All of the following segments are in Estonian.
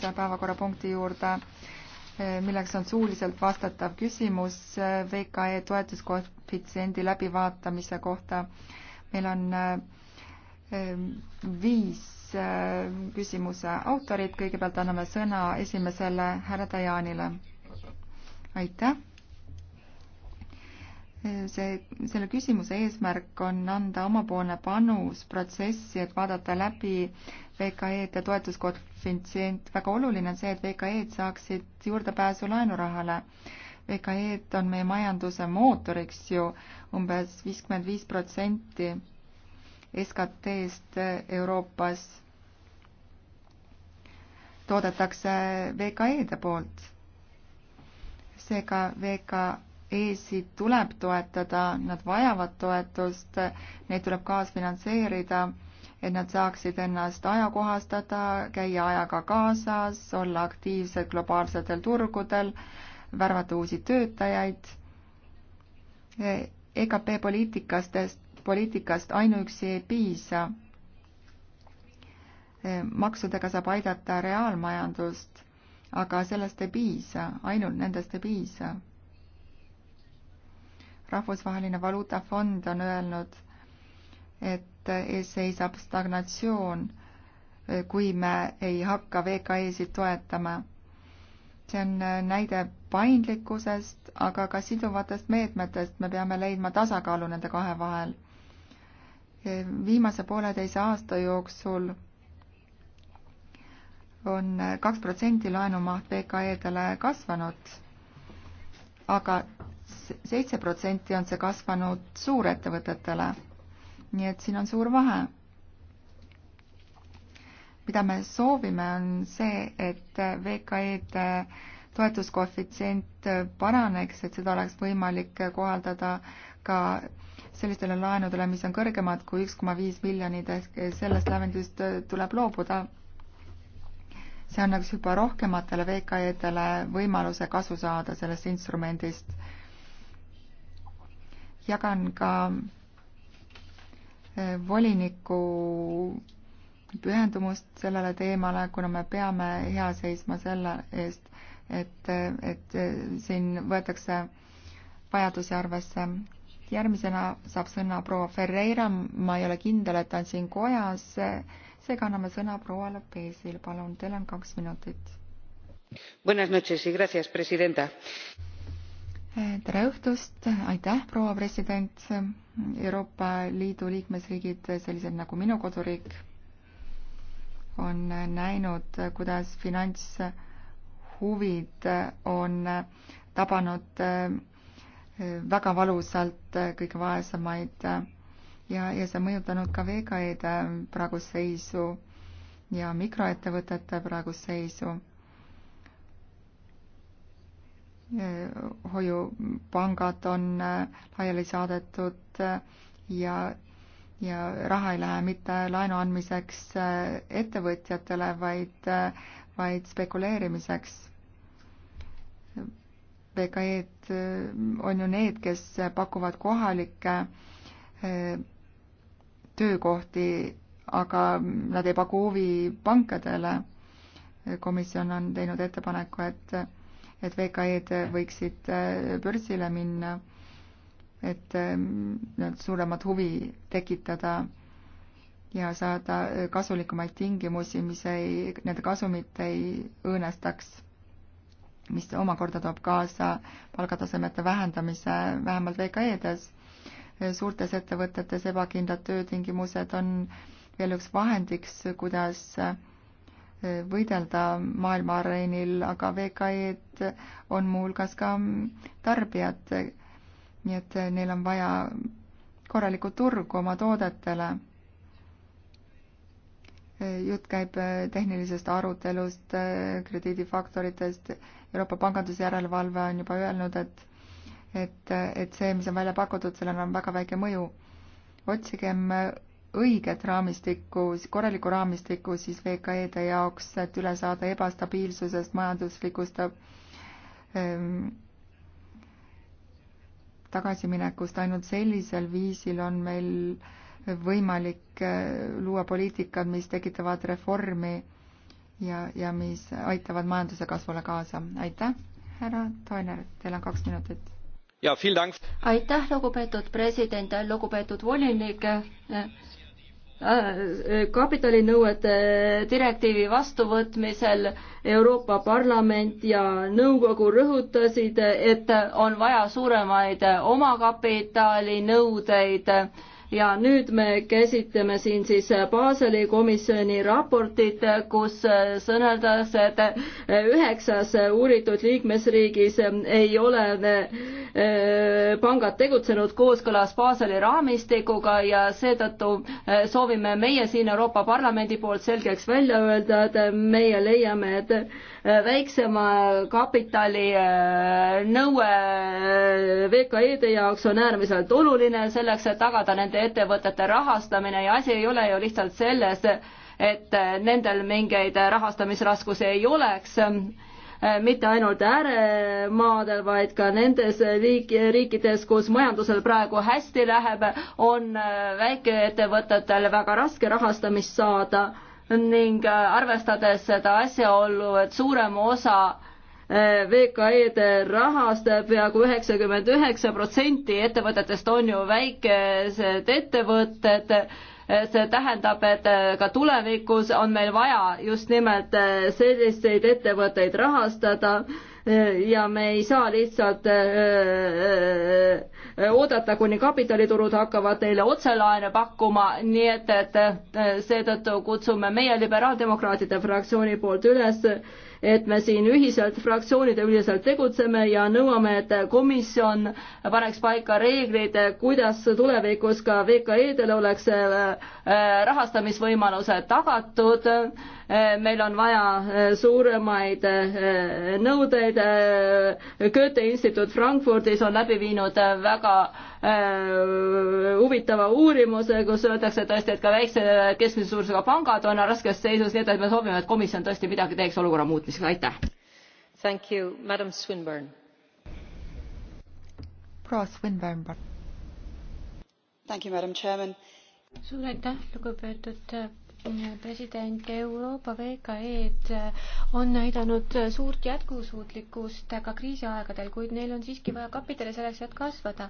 üheksa päevakorrapunkti juurde, milleks on suuliselt vastatav küsimus VKE toetuskoefitsiendi läbivaatamise kohta. meil on eh, viis eh, küsimuse autorit, kõigepealt anname sõna esimesele härra Dajanile. aitäh Eh, see, selle küsimuse eesmärk on anda omapoolne panus protsessi, et vaadata läbi VKE-d ja toetuskoefitsient. väga oluline on see, et VKE-d saaksid juurdepääsu laenurahale. VKE-d on meie majanduse mootoriks ju umbes viiskümmend viis protsenti SKT-st Euroopas toodetakse VKE-de poolt. seega VKE EAS-i tuleb toetada, nad vajavad toetust, neid tuleb kaasfinantseerida, et nad saaksid ennast ajakohastada, käia ajaga kaasas, olla aktiivsed globaalsetel turgudel, värvata uusi töötajaid. EKP poliitikastest, poliitikast ainuüksi ei piisa. E, maksudega saab aidata reaalmajandust, aga sellest ei piisa, ainult nendest ei piisa rahvusvaheline valuutafond on öelnud, et ees seisab stagnatsioon, kui me ei hakka VKE-sid toetama. see on näide paindlikkusest, aga ka siduvatest meetmetest, me peame leidma tasakaalu nende kahe vahel. viimase pooleteise aasta jooksul on kaks protsenti laenumaht VKE-dele kasvanud, aga seitse protsenti on see kasvanud suurettevõtetele. nii et siin on suur vahe. mida me soovime, on see, et VKE-de toetuskoefitsient paraneks, et seda oleks võimalik kohaldada ka sellistele laenudele, mis on kõrgemad kui üks koma viis miljonit, ehk sellest lävendist tuleb loobuda. see annaks juba rohkematele VKE-dele võimaluse kasu saada sellest instrumendist jagan ka äh, voliniku pühendumust sellele teemale, kuna me peame hea seisma selle eest, et, et äh, siin võetakse vajadusi arvesse. järgmisena saab sõna proua Ferreira, ma ei ole kindel, et ta on siin kojas, seega anname sõna proua Lopesil, palun, teil on kaks minutit. Buenas noches y gracias, presidenta tere õhtust, aitäh, proua president. Euroopa Liidu liikmesriigid, sellised nagu minu koduriik, on näinud, kuidas finantshuvid on tabanud eh, väga valusalt kõige vaesemaid ja, ja see on mõjutanud ka VKE-de praegust seisu ja mikroettevõtete praegust seisu hoiupangad on äh, laiali saadetud äh, ja, ja raha ei lähe mitte laenu andmiseks äh, ettevõtjatele, vaid, vaid spekuleerimiseks. VKE-d on ju need, kes pakuvad kohalikke töökohti, aga nad ei paku huvi pankadele. komisjon on teinud ettepaneku, et et VKE-d võiksid äh, börsile minna, et ähm, suuremat huvi tekitada ja saada äh, kasulikumaid tingimusi, mis ei, nende kasumit ei õõnestaks, mis omakorda toob kaasa palgatasemete vähendamise vähemalt VKE-des. Äh, suurtes ettevõtetes ebakindlad töötingimused on veel üks vahendiks, kuidas võidelda maailma areenil, aga VKE-d on muuhulgas ka tarbijad. nii et neil on vaja korralikku turgu oma toodetele. jutt käib tehnilisest arutelust, krediidifaktoritest. Euroopa pangandusjärelevalve on juba öelnud, et, et, et see, mis on välja pakutud, sellel on väga väike mõju. otsigem õiget raamistikku, korralikku raamistikku siis VKE-de jaoks, et üle saada ebastabiilsusest, majanduslikust ähm, tagasiminekust, ainult sellisel viisil on meil võimalik äh, luua poliitikad, mis tekitavad reformi ja, ja mis aitavad majanduse kasvule kaasa. aitäh, härra Toiner, teil on kaks minutit aitäh, lugupeetud president, lugupeetud volinik. Äh, kapitalinõuete direktiivi vastuvõtmisel Euroopa Parlament ja nõukogu rõhutasid, et on vaja suuremaid omakapitalinõudeid ja nüüd me käsitleme siin siis äh, Baseli komisjoni raportit, äh, kus äh, sõneldas, et üheksas uuritud liikmesriigis ei ole pangad tegutsenud kooskõlas Baseli raamistikuga ja seetõttu soovime meie siin Euroopa Parlamendi poolt selgeks välja öelda, et meie leiame, et väiksema kapitali nõue VKE-de jaoks on äärmiselt oluline selleks, et tagada nende nende ettevõtete rahastamine ja asi ei ole ju lihtsalt selles, et nendel mingeid rahastamisraskusi ei oleks, eh, mitte ainult ääremaadel, vaid ka nendes liik-, riikides, kus majandusel praegu hästi läheb, on eh, väikeettevõtetel väga raske rahastamist saada ning eh, arvestades seda asjaolu, et suurem osa VKE-de rahast peaaegu üheksakümmend üheksa protsenti ettevõtetest on ju väikesed ettevõtted. see tähendab, et ka tulevikus on meil vaja just nimelt selliseid ettevõtteid rahastada ja me ei saa lihtsalt äh, äh, oodata, kuni kapitaliturud hakkavad neile otselaene pakkuma, nii et, et seetõttu kutsume meie liberaaldemokraatide fraktsiooni poolt üles et me siin ühiselt, fraktsioonide üleselt tegutseme ja nõuame, et komisjon paneks paika reeglid, kuidas tulevikus ka VKE-del oleks äh, Äh, rahastamisvõimalused tagatud, äh, meil on vaja äh, suuremaid nõudeid, Goethe instituut Frankfurdis on läbi viinud väga huvitava uurimuse, kus öeldakse tõesti, et ka väikse keskmise suurusega pangad on raskes seisus, nii et me soovime, et komisjon tõesti midagi teeks olukorra muutmiseks, aitäh. Thank you, madam Swinburne. proua Swinburne. Thank you, madam chairman suur aitäh, lugupeetud president Euroopa VKE-d äh, on näidanud suurt jätkusuutlikkust ka kriisiaegadel, kuid neil on siiski vaja kapitali selleks, et kasvada.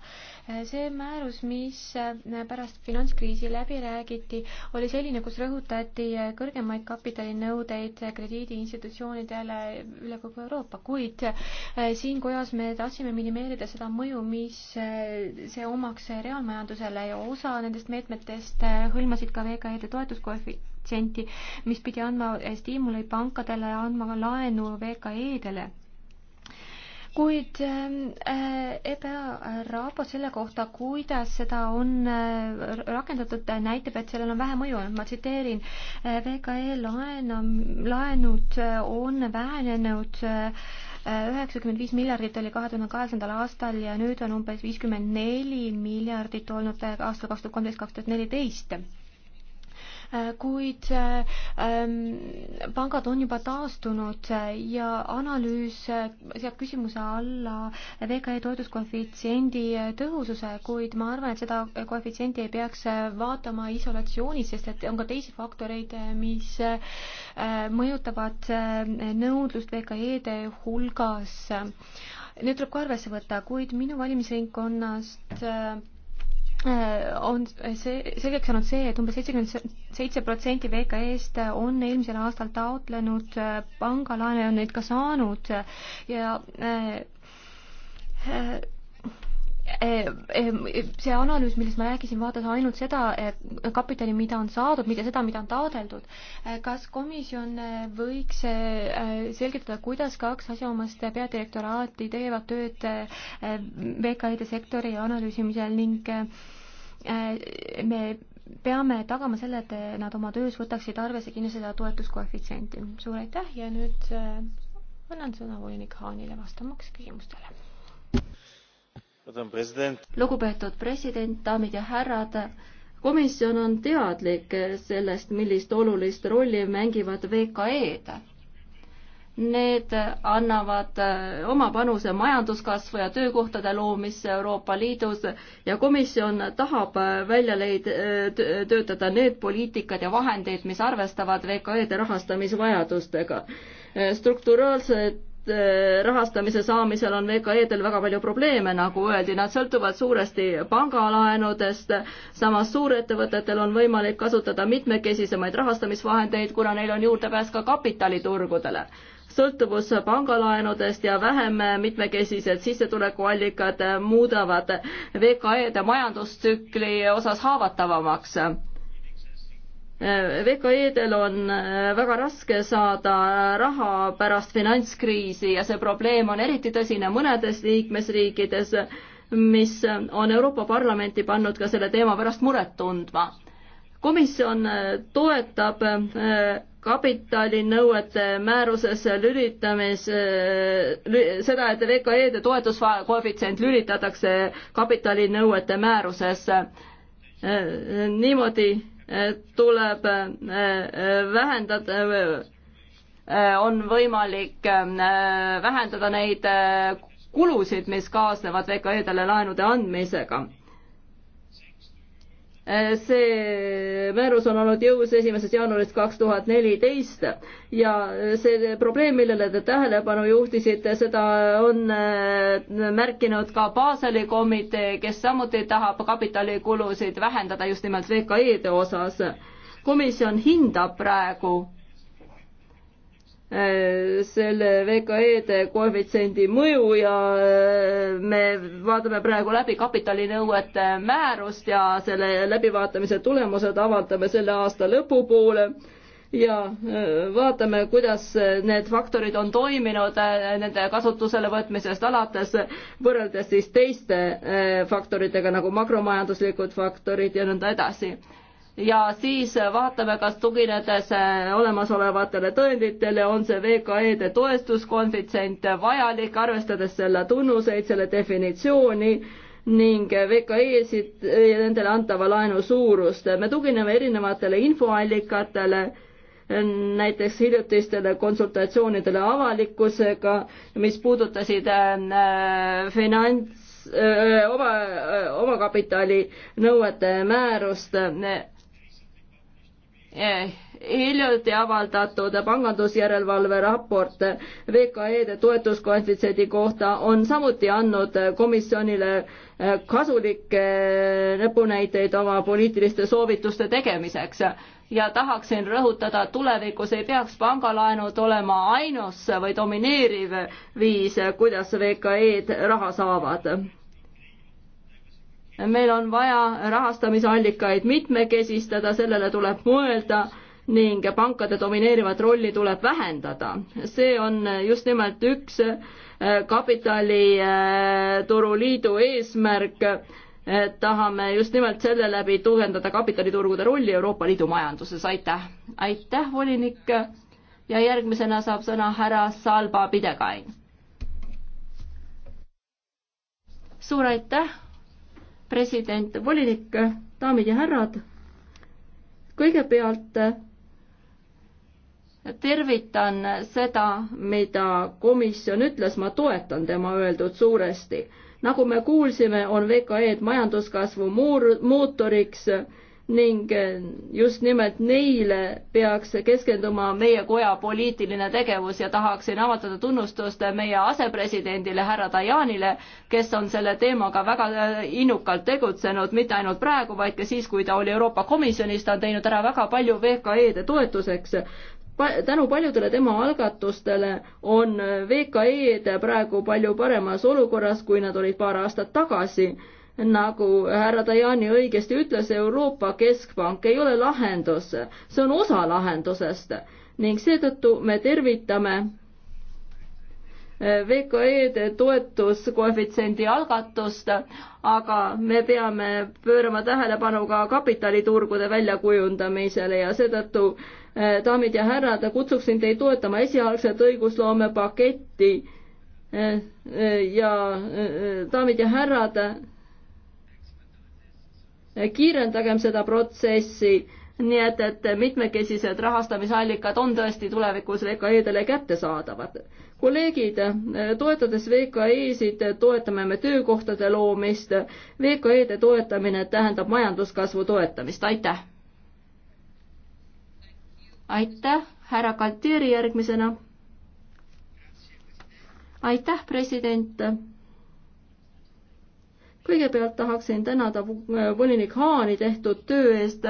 Äh, see määrus, mis äh, pärast finantskriisi läbi räägiti, oli selline, kus rõhutati kõrgemaid kapitalinõudeid krediidiinstitutsioonidele üle kogu Euroopa, kuid siin kojas me tahtsime minimeerida seda mõju, mis see omaks reaalmajandusele ja osa nendest meetmetest hõlmasid ka VKE-de toetuskoefi-, protsenti, mis pidi andma stiimuli pankadele ja andma ka laenu VKE-dele kuid ähm, äh, EBA raport selle kohta, kuidas seda on äh, rakendatud, näitab, et sellel on vähe mõju olnud, ma tsiteerin, äh, VKE laena, laenud on vähenenud üheksakümmend viis miljardit oli kahe tuhande kaheksandal aastal ja nüüd on umbes viiskümmend neli miljardit olnud aastal kaks tuhat kolmteist, kaks tuhat neliteist kuid ähm, pangad on juba taastunud ja analüüs seab küsimuse alla VKE toetuskoefitsiendi tõhususe, kuid ma arvan, et seda koefitsienti ei peaks vaatama isolatsioonis, sest et on ka teisi faktoreid, mis äh, mõjutavad äh, nõudlust VKE-de hulgas. Need tuleb ka arvesse võtta, kuid minu valimisringkonnast äh, Äh, on see, selgeks saanud see, et umbes seitsekümmend seitse protsenti VKE-st on eelmisel aastal taotlenud äh, pangalaene ja on neid ka saanud ja äh, äh, Eh, eh, see analüüs, millest ma rääkisin, vaatas ainult seda eh, kapitali, mida on saadud, mitte seda, mida on taodeldud. kas komisjon võiks selgitada, kuidas kaks asjaomast peadirektoraati teevad tööd VKI-de sektori analüüsimisel ning me peame tagama selle, et nad oma töös võtaksid arvesse kindlasti seda toetuskoefitsienti. suur aitäh ja nüüd annan sõna volinik Haanile vastamaks küsimustele lugupeetud president, daamid ja härrad, komisjon on teadlik sellest, millist olulist rolli mängivad VKE-d. Need annavad oma panuse majanduskasvu ja töökohtade loomisse Euroopa Liidus ja komisjon tahab välja leid-, töötada need poliitikad ja vahendeid, mis arvestavad VKE-de rahastamisvajadustega. strukturaalsed Äh, rahastamise saamisel on VKE-del väga palju probleeme, nagu öeldi, nad sõltuvad suuresti pangalaenudest, samas suurettevõtetel on võimalik kasutada mitmekesisemaid rahastamisvahendeid, kuna neil on juurdepääs ka kapitaliturgudele sõltuvus pangalaenudest ja vähem mitmekesised sissetulekuallikad muudavad VKE-de majandustsükli osas haavatavamaks VKE-del on äh, väga raske saada äh, raha pärast finantskriisi ja see probleem on eriti tõsine mõnedes liikmesriikides, mis äh, on Euroopa Parlamenti pannud ka selle teema pärast muret tundma. komisjon toetab kapitalinõuete määruses lülitamis, seda, et VKE-de toetuskoefitsient lülitatakse kapitalinõuete määrusesse. niimoodi tuleb äh, vähendada, äh, on võimalik äh, vähendada neid kulusid, mis kaasnevad VKE-dele laenude andmisega Äh, see määrus on olnud jõus esimesest jaanuarist kaks tuhat neliteist ja äh, see probleem, millele te tähelepanu juhtisite, seda on äh, märkinud ka Baseli komitee, kes samuti tahab kapitalikulusid vähendada just nimelt VKE-de osas. komisjon hindab praegu Äh, selle VKE-de koefitsiendi mõju ja äh, me vaatame praegu läbi kapitalinõuete määrust ja selle läbivaatamise tulemused avaldame selle aasta lõpupoole ja äh, vaatame, kuidas need faktorid on toiminud nende kasutusele võtmisest alates, võrreldes siis teiste faktoritega nagu makromajanduslikud faktorid ja nõnda edasi ja siis vaatame, kas tuginedes olemasolevatele tõenditele on see VKE-de toestuskonfitsient vajalik, arvestades selle tunnuseid, selle definitsiooni ning VKE-sid, nendele antava laenu suurust. me tugineme erinevatele infoallikatele, näiteks hiljutistele konsultatsioonidele avalikkusega, mis puudutasid äh, finants äh,, oma äh,, omakapitali nõuete määrust äh, hiljuti avaldatud pangandusjärelevalve raport VKE-de toetuskoefitsiendi kohta on samuti andnud komisjonile eh, kasulikke näpunäiteid oma poliitiliste soovituste tegemiseks ja tahaksin rõhutada, et tulevikus ei peaks pangalaenud olema ainus või domineeriv viis, kuidas VKE-d raha saavad meil on vaja rahastamisallikaid mitmekesistada, sellele tuleb mõelda ning pankade domineerivat rolli tuleb vähendada. see on just nimelt üks äh, kapitalituruliidu äh, eesmärk, äh, tahame just nimelt selle läbi tugevdada kapitaliturgude rolli Euroopa Liidu majanduses, aitäh. aitäh, volinik. ja järgmisena saab sõna härra Salba Pidegain. suur aitäh president, volinik, daamid ja härrad. kõigepealt tervitan seda, mida komisjon ütles, ma toetan tema öeldut suuresti. nagu me kuulsime, on VKE-d majanduskasvu muur, mootoriks ning äh, just nimelt neile peaks keskenduma meie koja poliitiline tegevus ja tahaksin avaldada tunnustust meie asepresidendile härra Dajanile, kes on selle teemaga väga äh, innukalt tegutsenud, mitte ainult praegu, vaid ka siis, kui ta oli Euroopa Komisjonis, ta on teinud ära väga palju VKE-de toetuseks tänu paljudele tema algatustele on VKE-d praegu palju paremas olukorras, kui nad olid paar aastat tagasi nagu härra Tajani õigesti ütles, Euroopa Keskpank ei ole lahendus, see on osa lahendusest ning seetõttu me tervitame eh, VKE-de toetuskoefitsiendi algatust, aga me peame pöörama tähelepanu ka kapitaliturgude väljakujundamisele ja seetõttu eh, daamid ja härrad, kutsuksin teid toetama esialgset õigusloome paketti. Eh, ja daamid ja härrad, kiirendagem seda protsessi, nii et, et mitmekesised rahastamisallikad on tõesti tulevikus VKE-dele kättesaadavad. kolleegid, toetades VKE-sid, toetame me töökohtade loomist, VKE-de toetamine tähendab majanduskasvu toetamist, aitäh! aitäh, härra Kaltieri järgmisena! aitäh, president! kõigepealt tahaksin tänada volinik Haani tehtud töö eest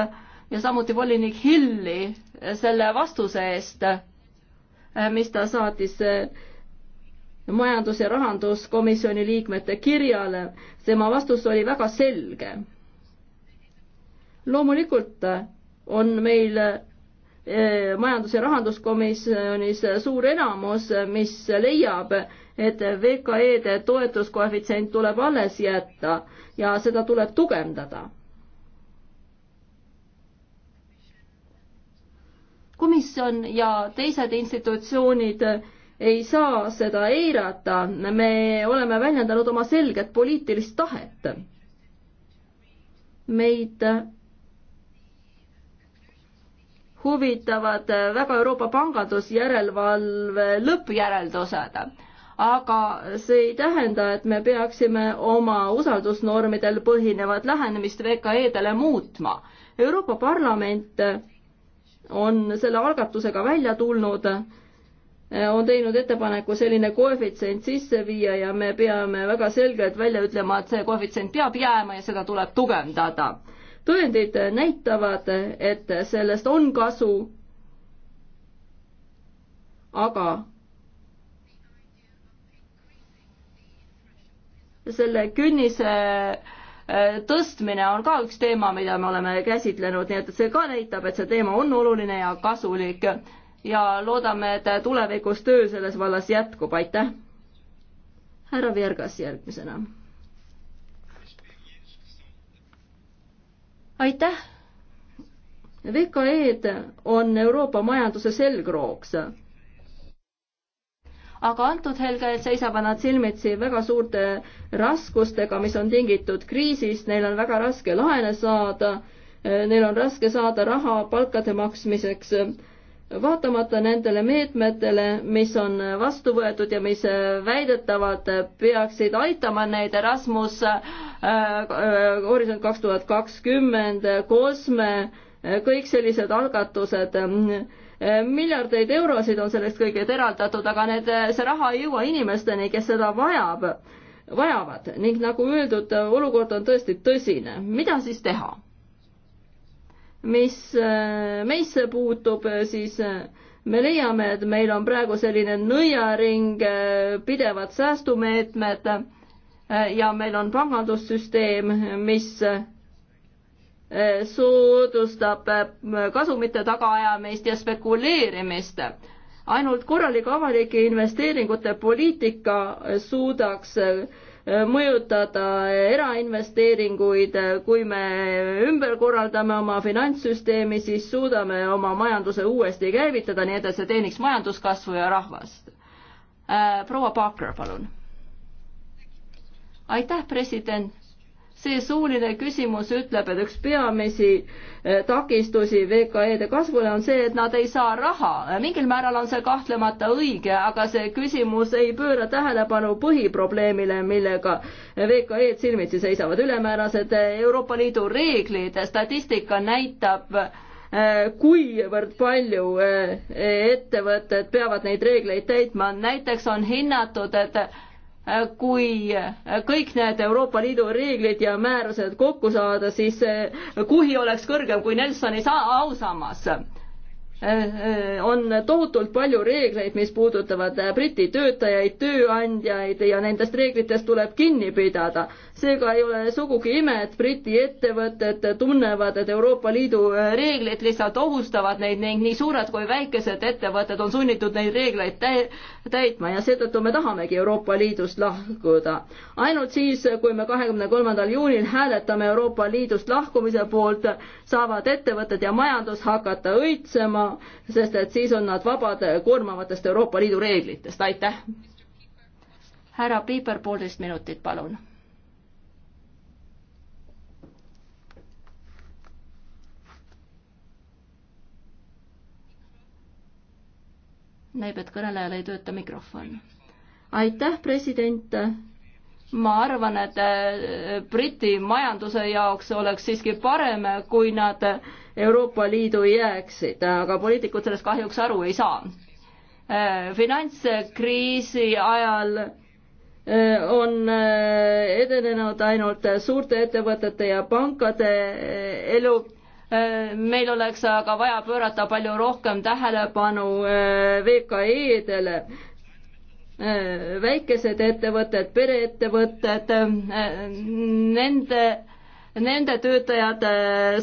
ja samuti volinik Hilli selle vastuse eest, mis ta saatis majandus- ja rahanduskomisjoni liikmete kirjale. tema vastus oli väga selge. loomulikult on meil Äh, majandus- ja rahanduskomisjonis suur enamus, mis leiab, et VKE-de toetuskoefitsient tuleb alles jätta ja seda tuleb tugevdada. komisjon ja teised institutsioonid ei saa seda eirata, me oleme väljendanud oma selget poliitilist tahet. meid huvitavad eh, väga Euroopa pangandusjärelevalve lõppjäreldused. aga see ei tähenda, et me peaksime oma usaldusnormidel põhinevat lähenemist VKE-dele muutma. Euroopa Parlament eh, on selle algatusega välja tulnud, eh, on teinud ettepaneku selline koefitsient sisse viia ja me peame väga selgelt välja ütlema, et see koefitsient peab jääma ja seda tuleb tugevdada tõendid näitavad, et sellest on kasu. aga selle künnise äh, tõstmine on ka üks teema, mida me oleme käsitlenud, nii et see ka näitab, et see teema on oluline ja kasulik ja loodame, et tulevikus töö selles vallas jätkub, aitäh. härra Viergas järgmisena aitäh! VKE-d on Euroopa majanduse selgrooks. aga antud hetkel seisavad nad silmitsi väga suurte raskustega, mis on tingitud kriisist, neil on väga raske laene saada, neil on raske saada raha palkade maksmiseks vaatamata nendele meetmetele, mis on vastu võetud ja mis äh, väidetavad, peaksid aitama neid Erasmus äh, äh Horisont kaks tuhat kakskümmend, Kosme, äh, kõik sellised algatused äh,, miljardeid eurosid on sellest kõigest eraldatud, aga need, see raha ei jõua inimesteni, kes seda vajab, vajavad ning nagu öeldud, olukord on tõesti tõsine. mida siis teha? mis äh, meisse puutub, äh, siis äh, me leiame, et meil on praegu selline nõiaring, pidevad säästumeetmed ja meil on pangandussüsteem, mis soodustab kasumite tagaajamist ja spekuleerimist. ainult korralik avalike investeeringute poliitika suudaks mõjutada erainvesteeringuid, kui me ümber korraldame oma finantssüsteemi, siis suudame oma majanduse uuesti käivitada, nii et see teeniks majanduskasvu ja rahvast. Äh, proua Parker, palun. aitäh, president see suuline küsimus ütleb, et üks peamisi eh, takistusi VKE-de kasvule on see, et nad ei saa raha. mingil määral on see kahtlemata õige, aga see küsimus ei pööra tähelepanu põhiprobleemile, millega VKE-d silmitsi seisavad. ülemäärased eh, Euroopa Liidu reeglid, statistika näitab, eh, kuivõrd palju ettevõtted peavad neid reegleid täitma. näiteks on hinnatud, et kui kõik need Euroopa Liidu reeglid ja määrused kokku saada, siis kuhi oleks kõrgem kui Nelsoni ausammas. on tohutult palju reegleid, mis puudutavad Briti töötajaid, tööandjaid ja nendest reeglitest tuleb kinni pidada seega ei ole sugugi ime, et Briti ettevõtted tunnevad, et Euroopa Liidu äh, reeglid lihtsalt ohustavad neid ning nii suured kui väikesed ettevõtted on sunnitud neid reegleid tä täitma ja seetõttu me tahamegi Euroopa Liidust lahkuda. ainult siis, kui me kahekümne kolmandal juunil hääletame Euroopa Liidust lahkumise poolt, saavad ettevõtted ja majandus hakata õitsema, sest et siis on nad vabad koormavatest Euroopa Liidu reeglitest, aitäh! härra Piiper, poolteist minutit, palun näib, et kõnelejal ei tööta mikrofon. aitäh, president. ma arvan, et äh, Briti majanduse jaoks oleks siiski parem, kui nad Euroopa Liidu jääksid, aga poliitikud sellest kahjuks aru ei saa. Äh, finantskriisi ajal äh, on edenenud ainult suurte ettevõtete ja pankade elu meil oleks aga vaja pöörata palju rohkem tähelepanu äh, VKE-dele, äh, väikesed ettevõtted, pereettevõtted, äh, nende nende töötajad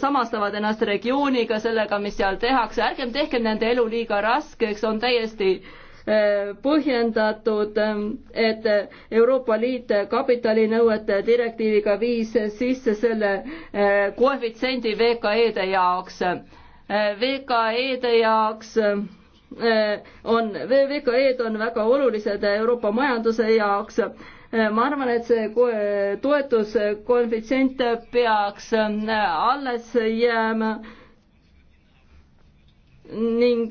samastavad ennast regiooniga, sellega, mis seal tehakse, ärgem tehkem nende elu liiga raskeks, on täiesti äh, Äh, põhjendatud, ähm, et Euroopa Liit kapitalinõuete direktiiviga viis sisse selle äh, koefitsiendi VKE-de jaoks. Äh, VKE-de jaoks on, VKE-d on väga olulised Euroopa majanduse jaoks. ma arvan, et see toetuskoefitsient peaks alles jääma ning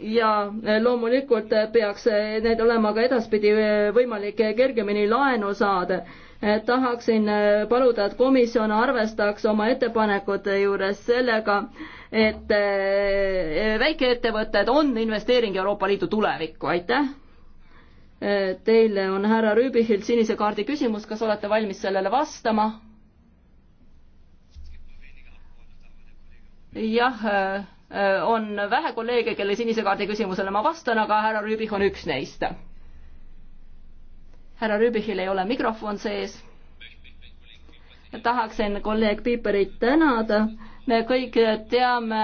ja eh, loomulikult eh, peaks eh, need olema ka edaspidi võimalik kergemini laenu saada. tahaksin paluda, et komisjon arvestaks oma ettepanekute juures sellega, et väikeettevõtted on investeering Euroopa Liidu tulevikku, aitäh. Teile on härra Rüübihilt sinise kaardi küsimus, kas olete valmis sellele vastama? jah Äh, on vähe kolleege, kelle sinise kaardi küsimusele ma vastan, aga härra Rüübich on üks neist. härra Rüübichil ei ole mikrofon sees. tahaksin kolleeg Piiperit tänada. me kõik teame,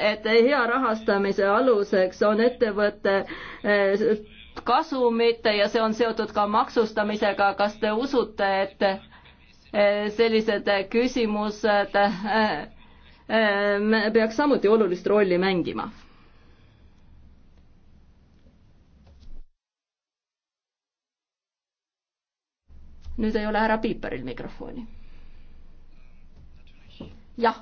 et hea rahastamise aluseks on ettevõte äh, kasumit ja see on seotud ka maksustamisega. kas te usute, et äh, sellised küsimused Ehm, peaks samuti olulist rolli mängima. nüüd ei ole härra Piiperil mikrofoni. jah,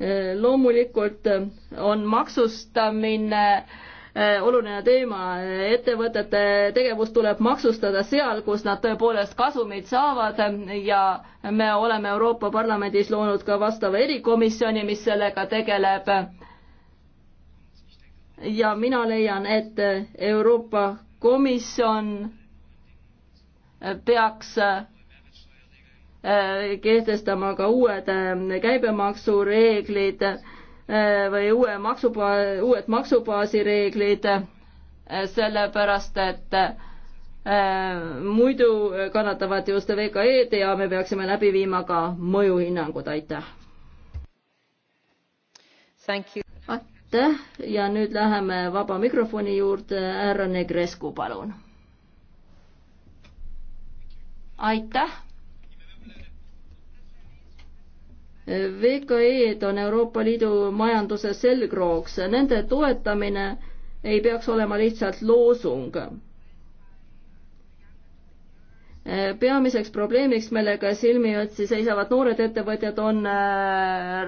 ehm, loomulikult ehm, on maksustamine äh, Äh, oluline teema, äh, ettevõtete tegevust tuleb maksustada seal, kus nad tõepoolest kasumit saavad ja me oleme Euroopa Parlamendis loonud ka vastava erikomisjoni, mis sellega tegeleb. ja mina leian, et Euroopa Komisjon peaks äh, kehtestama ka uued käibemaksureeglid Äh, või uue maksuba-, uued maksubaasi reeglid, äh, sellepärast et äh, muidu kannatavad just VKE-d ja me peaksime läbi viima ka mõjuhinnangud, aitäh. aitäh ja nüüd läheme vaba mikrofoni juurde, härra Negrescu, palun. aitäh VKE-d on Euroopa Liidu majanduse selgrooks, nende toetamine ei peaks olema lihtsalt loosung. peamiseks probleemiks, millega silmiotsi seisavad noored ettevõtjad, on äh,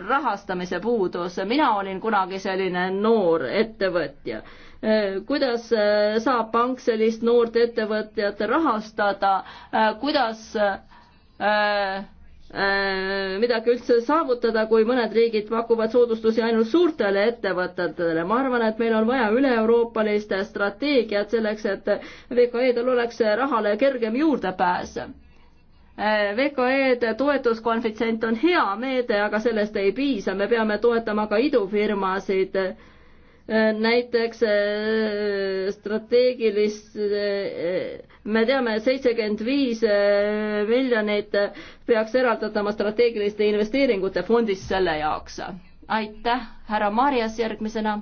rahastamise puudus. mina olin kunagi selline noor ettevõtja. Äh, kuidas äh, saab pank sellist noort ettevõtjat rahastada, kuidas äh, Äh, midagi üldse saavutada, kui mõned riigid pakuvad soodustusi ainult suurtele ettevõtetele. ma arvan, et meil on vaja üle-euroopalist strateegiat selleks, et VKE-del oleks rahale kergem juurdepääs. Äh, VKE-de toetuskoefitsient on hea meede, aga sellest ei piisa, me peame toetama ka idufirmasid Äh, näiteks äh, strateegilist, äh, me teame, seitsekümmend viis miljonit peaks eraldatama strateegiliste investeeringute fondist selle jaoks. aitäh, härra Marjas järgmisena.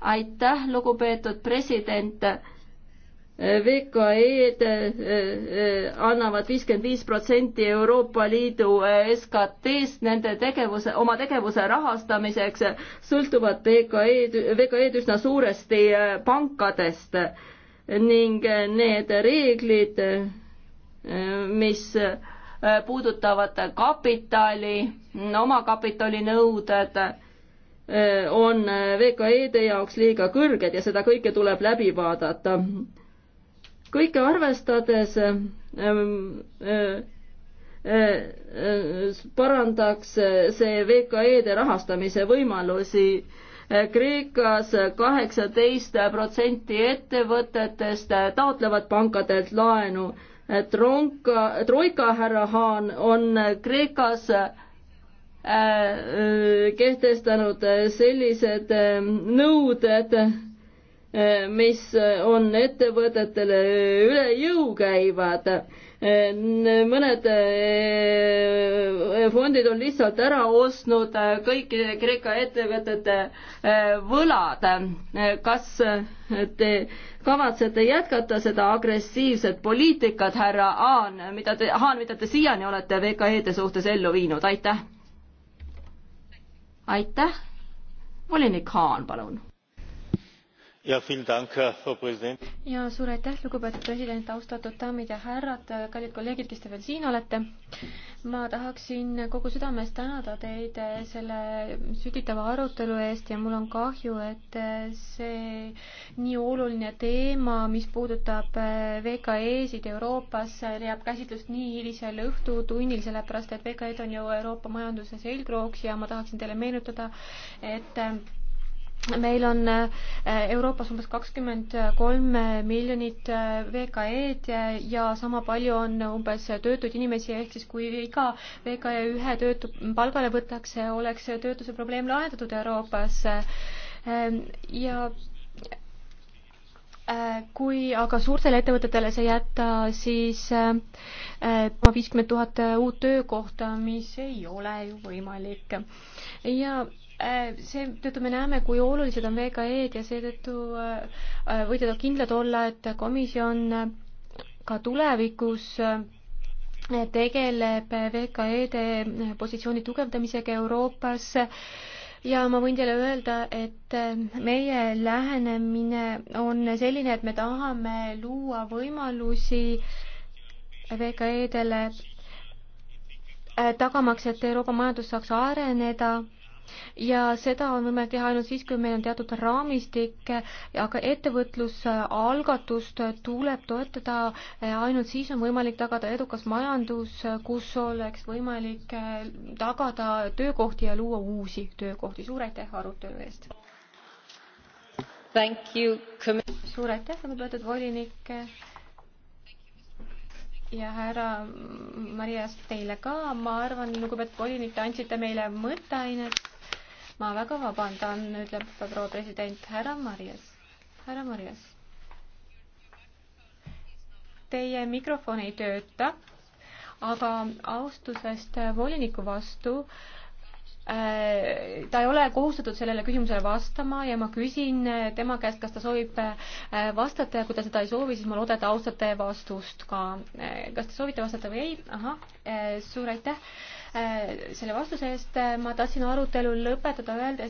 aitäh, lugupeetud president VKE-d eh, eh, annavad viiskümmend viis protsenti Euroopa Liidu eh, SKT-st nende tegevuse, oma tegevuse rahastamiseks sõltuvad VKE-d, VKE-d üsna suuresti pankadest ning need reeglid, mis puudutavad kapitali, omakapitalinõuded on VKE-de jaoks liiga kõrged ja seda kõike tuleb läbi vaadata kõike arvestades ähm, äh, äh, äh, parandaks see VKE-de rahastamise võimalusi Kreekas kaheksateist protsenti ettevõtetest taotlevad pankadelt laenu. Tronka, Troika härra Haan on Kreekas kehtestanud sellised nõuded, mis on ettevõtetele üle jõu käivad. mõned eh, fondid on lihtsalt ära ostnud kõik Kreeka ettevõtete eh, võlad. kas te kavatsete jätkata seda agressiivset poliitikat, härra Haan, mida te, Haan, mida te siiani olete VKE-de suhtes ellu viinud, aitäh! aitäh! volinik Haan, palun! ja suur aitäh, lugupeetud president, austatud daamid ja härrad, kallid kolleegid, kes te veel siin olete. ma tahaksin kogu südamest tänada teid selle sütitava arutelu eest ja mul on kahju, et see nii oluline teema, mis puudutab VKE-sid Euroopas, leiab käsitlust nii hilisel õhtutunnil, sellepärast et VKE-d on ju Euroopa majanduse selgrooks ja ma tahaksin teile meenutada, et meil on äh, Euroopas umbes kakskümmend kolm äh, miljonit äh, VKE-d ja sama palju on umbes töötuid inimesi, ehk siis kui iga VKE ühe töötu palgale võtakse, oleks töötuse probleem lahendatud Euroopas. ja kui aga suurtele ettevõtetele see jätta, siis viiskümmend tuhat uut töökohta, mis ei ole ju võimalik ja Äh, seetõttu me näeme, kui olulised on VKE-d ja seetõttu äh, võite kindlad olla, et komisjon äh, ka tulevikus tegeleb VKE-de positsiooni tugevdamisega Euroopas ja ma võin teile öelda, et meie lähenemine on selline, et me tahame luua võimalusi VKE-dele tagamaks, et Euroopa majandus saaks areneda ja seda on võimalik teha ainult siis, kui meil on teatud raamistik, aga ettevõtlusalgatust tuleb toetada ainult siis on võimalik tagada edukas majandus, kus oleks võimalik tagada töökohti ja luua uusi töökohti. suur aitäh arutelu eest! suur aitäh, lugupeetud volinik ja härra Marias, teile ka, ma arvan, lugupeetud volinik, te andsite meile mõtteainet ma väga vabandan, ütleb proua president härra Marias, härra Marias. Teie mikrofon ei tööta, aga austusest voliniku vastu äh, Äh, ta ei ole kohustatud sellele küsimusele vastama ja ma küsin äh, tema käest, kas ta soovib äh, vastata ja kui ta seda ei soovi, siis ma loodan, et te austate vastust ka. kas te soovite vastata või ei? ahah, suur aitäh selle vastuse eest. ma tahtsin arutelu lõpetada öeldes,